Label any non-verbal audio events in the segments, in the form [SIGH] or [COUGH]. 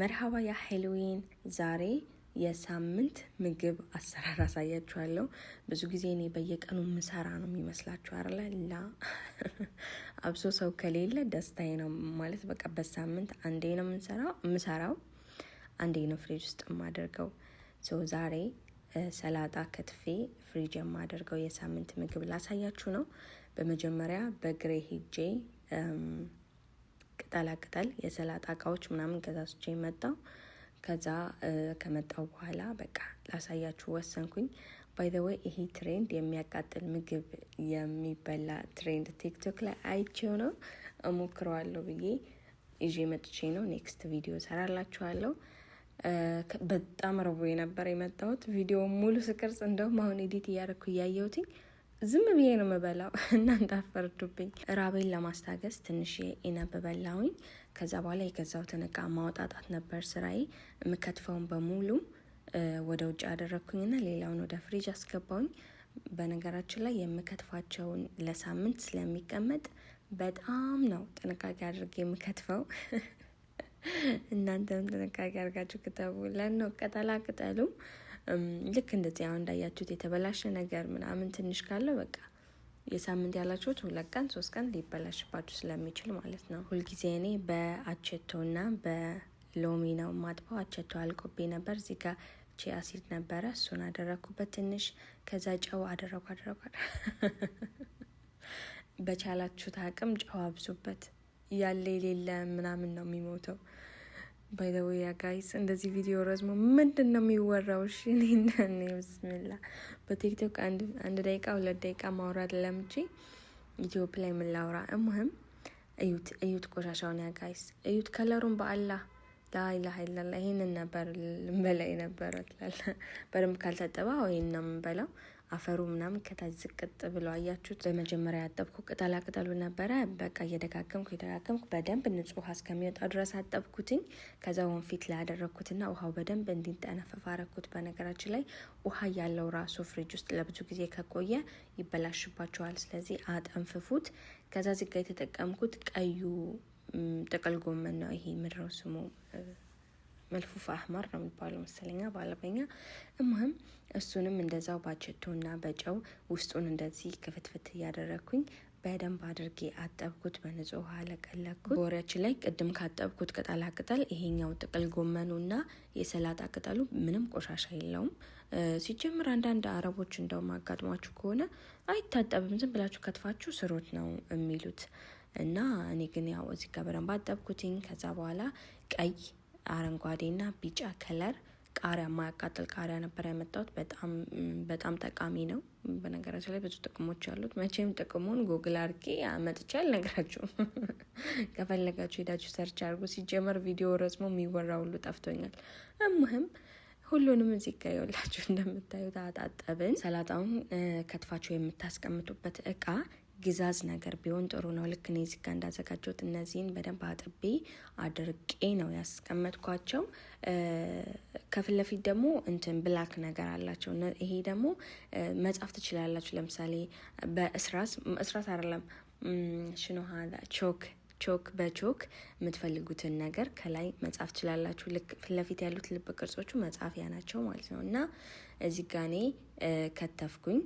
መርሃባ ያ ሄሎዊን ዛሬ የሳምንት ምግብ አሰራር አሳያችኋለሁ። ብዙ ጊዜ እኔ በየቀኑ ምሰራ ነው የሚመስላችሁ አለ ላ [LAUGHS] አብሶ ሰው ከሌለ ደስታዬ ነው ማለት በቃ በሳምንት አንዴ ነው የምሰራው፣ አንዴ ነው ፍሪጅ ውስጥ የማደርገው። ሰው ዛሬ ሰላጣ ከትፌ ፍሪጅ የማደርገው የሳምንት ምግብ ላሳያችሁ ነው። በመጀመሪያ በግሬ ሂጄ ቅጠላቅጠል የሰላጣ እቃዎች ምናምን ገዛዝቼ መጣው። ከዛ ከመጣው በኋላ በቃ ላሳያችሁ ወሰንኩኝ። ባይ ዘ ወይ ይሄ ትሬንድ የሚያቃጥል ምግብ የሚበላ ትሬንድ ቲክቶክ ላይ አይቼው ነው እሞክረዋለሁ ብዬ ይዤ መጥቼ ነው። ኔክስት ቪዲዮ ሰራላችኋለሁ። በጣም ረቦ የነበረ የመጣሁት ቪዲዮ ሙሉ ስቅርጽ እንደውም አሁን ኤዲት እያደረግኩ እያየሁትኝ ዝም ብዬ ነው የምበላው [LAUGHS] እና እንዳፈርዱብኝ። ራቤን ለማስታገስ ትንሽ ኢነብ በላሁኝ። ከዛ በኋላ የገዛሁትን እቃ ማውጣጣት ነበር ስራዬ። የምከትፈውን በሙሉ ወደ ውጭ አደረግኩኝና ሌላውን ወደ ፍሪጅ አስገባውኝ። በነገራችን ላይ የምከትፋቸውን ለሳምንት ስለሚቀመጥ በጣም ነው ጥንቃቄ አድርጌ የምከትፈው። [LAUGHS] እናንተም ጥንቃቄ አድርጋችሁ ክተቡ። ለነው ቅጠላ ቅጠሉ ልክ እንደዚህ አሁን እንዳያችሁት የተበላሸ ነገር ምናምን ትንሽ ካለ በቃ የሳምንት ያላችሁት ሁለት ቀን ሶስት ቀን ሊበላሽባችሁ ስለሚችል ማለት ነው። ሁልጊዜ እኔ በአቸቶና በሎሚ ነው ማጥበው። አቸቶ አልቆቤ ነበር እዚህ ጋር ቺ አሲድ ነበረ፣ እሱን አደረግኩበት ትንሽ። ከዛ ጨው አደረጉ አደረጉ። [LAUGHS] በቻላችሁት አቅም ጨው አብዙበት። ያለ የሌለ ምናምን ነው የሚሞተው። ባይ ያ ጋይስ እንደዚህ ቪዲዮ ረዝሞ ምንድን ነው የሚወራው? እሺ እኔ ብስሚላ በቲክቶክ አንድ ደቂቃ ሁለት ደቂቃ ማውራት ለምቼ ዩቲዩብ ላይ የምላውራ እሙህም እዩት፣ እዩት ቆሻሻውን ያ ጋይስ እዩት፣ ከለሩን በአላህ ላይላ ይላላ። ይህንን ነበር ልንበላ የነበረ ትላለ። በደንብ ካልተጠባ ይህን ነው የምንበላው። አፈሩ ምናምን ከታች ዝቅጥ ብሎ አያችሁት። በመጀመሪያ ያጠብኩ ቅጠላ ቅጠሉ ነበረ። በቃ እየደጋገምኩ እየደጋገምኩ በደንብ ንጹህ ውሃ እስከሚወጣ ድረስ አጠብኩትኝ። ከዛ ወንፊት ላይ ያደረግኩትና ውሃው በደንብ እንዲንጠነፈፍ አረግኩት። በነገራችን ላይ ውሃ ያለው ራሱ ፍሪጅ ውስጥ ለብዙ ጊዜ ከቆየ ይበላሽባቸዋል። ስለዚህ አጠንፍፉት። ከዛ ዚጋ የተጠቀምኩት ቀዩ ጥቅል ጎመን ነው። ይሄ ምድረው ስሙ መልፉፍ አህማር ነው የሚባለው መሰለኛ በአለበኛ። እምህም እሱንም እንደዛው ባቸቶና በጨው ውስጡን እንደዚህ ክፍትፍት እያደረግኩኝ በደንብ አድርጌ አጠብኩት። በንጹህ ውሃ ለቀለኩት። ቦሪያችን ላይ ቅድም ካጠብኩት ቅጠላ ቅጠል ይሄኛው ጥቅል ጎመኑና የሰላጣ ቅጠሉ ምንም ቆሻሻ የለውም። ሲጀምር አንዳንድ አረቦች እንደውም አጋጥሟችሁ ከሆነ አይታጠብም፣ ዝም ብላችሁ ከትፋችሁ ስሩት ነው የሚሉት እና እኔ ግን ያው እዚህ ጋር በደንብ አጠብኩትኝ። ከዛ በኋላ ቀይ አረንጓዴና ቢጫ ከለር ቃሪያ ማያቃጥል ቃሪያ ነበር ያመጣሁት። በጣም ጠቃሚ ነው። በነገራችን ላይ ብዙ ጥቅሞች አሉት። መቼም ጥቅሙን ጉግል አርጌ አመጥቼ አልነግራችሁም። [LAUGHS] ከፈለጋችሁ ሄዳችሁ ሰርች አድርጉ። ሲጀመር ቪዲዮ ረዝሞ የሚወራ ሁሉ ጠፍቶኛል። እምህም ሁሉንም እዚህ ጋ እንደምታዩት አጣጠብን። ሰላጣውን ከትፋችሁ የምታስቀምጡበት እቃ ግዛዝ ነገር ቢሆን ጥሩ ነው። ልክ እኔ እዚህ ጋር እንዳዘጋጀሁት እነዚህን በደንብ አጥቤ አድርቄ ነው ያስቀመጥኳቸው። ከፊት ለፊት ደግሞ እንትን ብላክ ነገር አላቸው። ይሄ ደግሞ መጻፍ ትችላላችሁ። ለምሳሌ በእስራስ እስራስ አይደለም ሽኖሃ ቾክ ቾክ በቾክ የምትፈልጉትን ነገር ከላይ መጻፍ ትችላላችሁ። ልክ ፊት ለፊት ያሉት ልብ ቅርጾቹ መጻፊያ ናቸው ማለት ነው እና እዚህ ጋ ከተፍኩኝ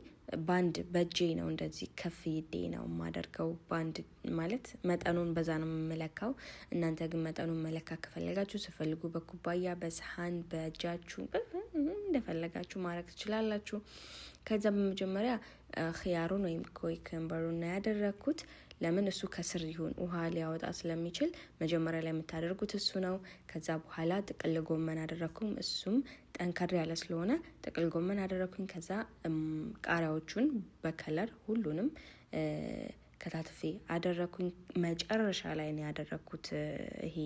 ባንድ በእጄ ነው እንደዚህ ከፍ ይዴ ነው የማደርገው። ባንድ ማለት መጠኑን በዛ ነው የምመለካው። እናንተ ግን መጠኑን መለካ ከፈለጋችሁ ስፈልጉ በኩባያ፣ በሰሀን፣ በእጃችሁ እንደፈለጋችሁ ማድረግ ትችላላችሁ። ከዛ በመጀመሪያ ክያሩን ወይም ኮይ ከንበሩን ያደረግኩት። ለምን እሱ ከስር ይሁን ውሃ ሊያወጣ ስለሚችል መጀመሪያ ላይ የምታደርጉት እሱ ነው። ከዛ በኋላ ጥቅል ጎመን አደረግኩም። እሱም ጠንከር ያለ ስለሆነ ጥቅል ጎመን አደረግኩኝ። ከዛ ቃሪያዎቹን በከለር ሁሉንም ከታትፌ አደረግኩኝ። መጨረሻ ላይ ነው ያደረግኩት ይሄ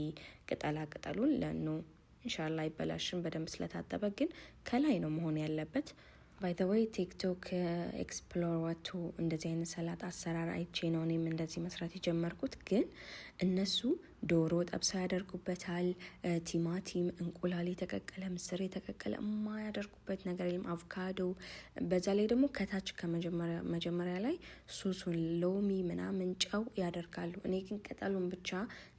ቅጠላ ቅጠሉን ለኖ ኢንሻላ አይበላሽም በደንብ ስለታጠበ፣ ግን ከላይ ነው መሆን ያለበት። ባይ ዘ ወይ ቲክቶክ ኤክስፕሎር ወቱ እንደዚህ አይነት ሰላጣ አሰራር አይቼ ነው እኔም እንደዚህ መስራት የጀመርኩት። ግን እነሱ ዶሮ ጠብሳ ያደርጉበታል። ቲማቲም፣ እንቁላል የተቀቀለ፣ ምስር የተቀቀለ የማያደርጉበት ነገር የለም። አቮካዶ በዛ ላይ ደግሞ ከታች ከመጀመሪያ ላይ ሱሱን ሎሚ ምናምን ጨው ያደርጋሉ። እኔ ግን ቅጠሉን ብቻ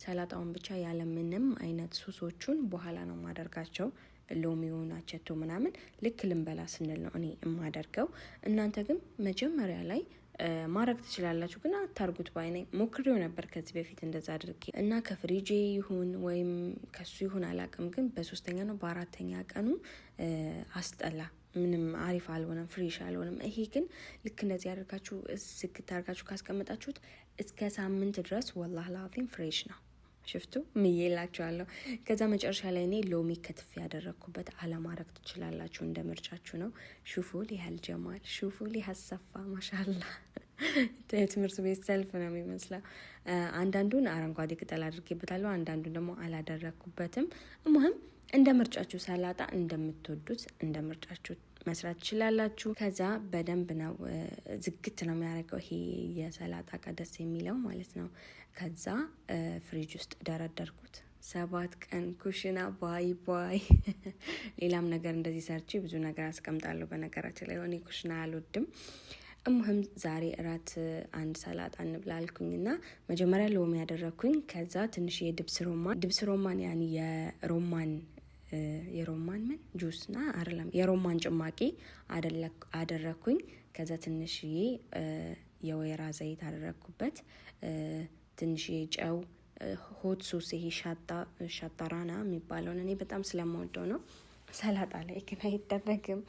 ሰላጣውን ብቻ ያለምንም አይነት ሱሶቹን በኋላ ነው ማደርጋቸው። ሎሚውን አቸቶ ምናምን ልክ ልንበላ ስንል ነው እኔ የማደርገው። እናንተ ግን መጀመሪያ ላይ ማድረግ ትችላላችሁ፣ ግን አታርጉት ባይ ነኝ። ሞክሬው ነበር ከዚህ በፊት እንደዛ አድርጌ እና ከፍሪጄ ይሁን ወይም ከሱ ይሁን አላቅም፣ ግን በሶስተኛ ነው በአራተኛ ቀኑ አስጠላ። ምንም አሪፍ አልሆነም፣ ፍሬሽ አልሆነም። ይሄ ግን ልክ እንደዚህ አድርጋችሁ ስግት አድርጋችሁ ካስቀመጣችሁት እስከ ሳምንት ድረስ ወላህ ላዚም ፍሬሽ ነው። ሽፍቱ ምዬላችኋለሁ። ከዛ መጨረሻ ላይ እኔ ሎሚ ከትፍ ያደረግኩበት አለማድረግ ትችላላችሁ፣ እንደ ምርጫችሁ ነው። ሹፉ ሊያል ጀማል ሹፉ ሰፋ ማሻላ የትምህርት ቤት ሰልፍ ነው የሚመስለው። አንዳንዱን አረንጓዴ ቅጠል አድርጌበታለሁ፣ አንዳንዱን ደግሞ አላደረግኩበትም። እሙህም እንደ ምርጫችሁ ሰላጣ እንደምትወዱት እንደ ምርጫችሁ መስራት ትችላላችሁ። ከዛ በደንብ ነው ዝግት ነው የሚያደርገው ይሄ የሰላጣ ቀደስ የሚለው ማለት ነው። ከዛ ፍሪጅ ውስጥ ደረደርኩት። ሰባት ቀን ኩሽና ባይ ባይ። [LAUGHS] ሌላም ነገር እንደዚህ ሰርቼ ብዙ ነገር አስቀምጣለሁ። በነገራችን ላይ ሆኔ ኩሽና አልወድም። እሙህም ዛሬ እራት አንድ ሰላጣ እንብላ አልኩኝና መጀመሪያ ሎሚ ያደረግኩኝ፣ ከዛ ትንሽ የድብስ ሮማን ድብስ ሮማን ያን የሮማን የሮማን ምን ጁስ ና አይደለም የሮማን ጭማቂ አደረግኩኝ። ከዛ ትንሽዬ የወይራ ዘይት አደረግኩበት። ትንሽ ጨው፣ ሆት ሶስ፣ ይሄ ሻጣራና የሚባለውን እኔ በጣም ስለምወደው ነው። ሰላጣ ላይ ግን አይደረግም፣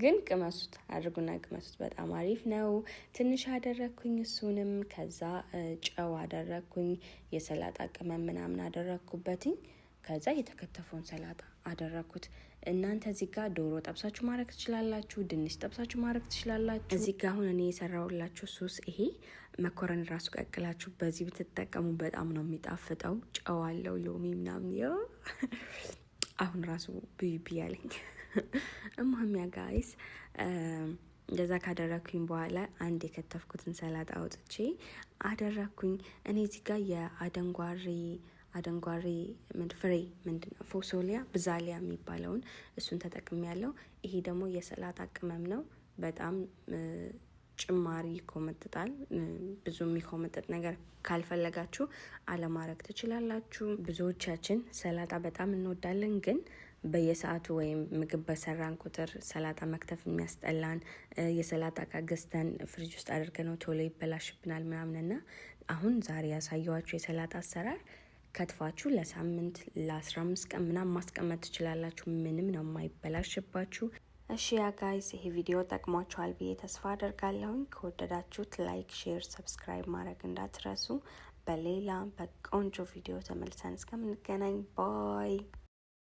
ግን ቅመሱት፣ አድርጉና ቅመሱት። በጣም አሪፍ ነው። ትንሽ አደረግኩኝ እሱንም። ከዛ ጨው አደረግኩኝ፣ የሰላጣ ቅመም ምናምን አደረግኩበትኝ። ከዛ የተከተፈውን ሰላጣ አደረኩት። እናንተ እዚህ ጋር ዶሮ ጠብሳችሁ ማድረግ ትችላላችሁ፣ ድንች ጠብሳችሁ ማድረግ ትችላላችሁ። እዚህ ጋር አሁን እኔ የሰራሁላችሁ ሶስ ይሄ መኮረን ራሱ ቀቅላችሁ በዚህ ብትጠቀሙ በጣም ነው የሚጣፍጠው። ጨው አለው፣ ሎሚ ምናምን። አሁን ራሱ ብይ ብይ እማሚያ ጋይስ እንደዛ ካደረግኩኝ በኋላ አንድ የከተፍኩትን ሰላጣ አውጥቼ አደረግኩኝ። እኔ እዚህ ጋር የአደንጓሬ አደንጓሬ ፍሬ ምንድነው ነው ፎሶሊያ ብዛሊያ የሚባለውን እሱን ተጠቅሜ ያለው። ይሄ ደግሞ የሰላጣ ቅመም ነው። በጣም ጭማሪ ይኮመጥጣል። ብዙ የሚኮመጥጥ ነገር ካልፈለጋችሁ አለማድረግ ትችላላችሁ። ብዙዎቻችን ሰላጣ በጣም እንወዳለን ግን በየሰዓቱ ወይም ምግብ በሰራን ቁጥር ሰላጣ መክተፍ የሚያስጠላን የሰላጣ እቃ ገዝተን ፍሪጅ ውስጥ አድርገነው ቶሎ ይበላሽብናል ምናምንና አሁን ዛሬ ያሳየዋችሁ የሰላጣ አሰራር ከትፋችሁ ለሳምንት ለ15 ቀን ምናም ማስቀመጥ ትችላላችሁ። ምንም ነው የማይበላሽባችሁ። እሺ ያ ጋይስ ይሄ ቪዲዮ ጠቅሟችኋል ብዬ ተስፋ አደርጋለሁኝ። ከወደዳችሁት ላይክ፣ ሼር፣ ሰብስክራይብ ማድረግ እንዳትረሱ። በሌላ በቆንጆ ቪዲዮ ተመልሰን እስከምንገናኝ ባይ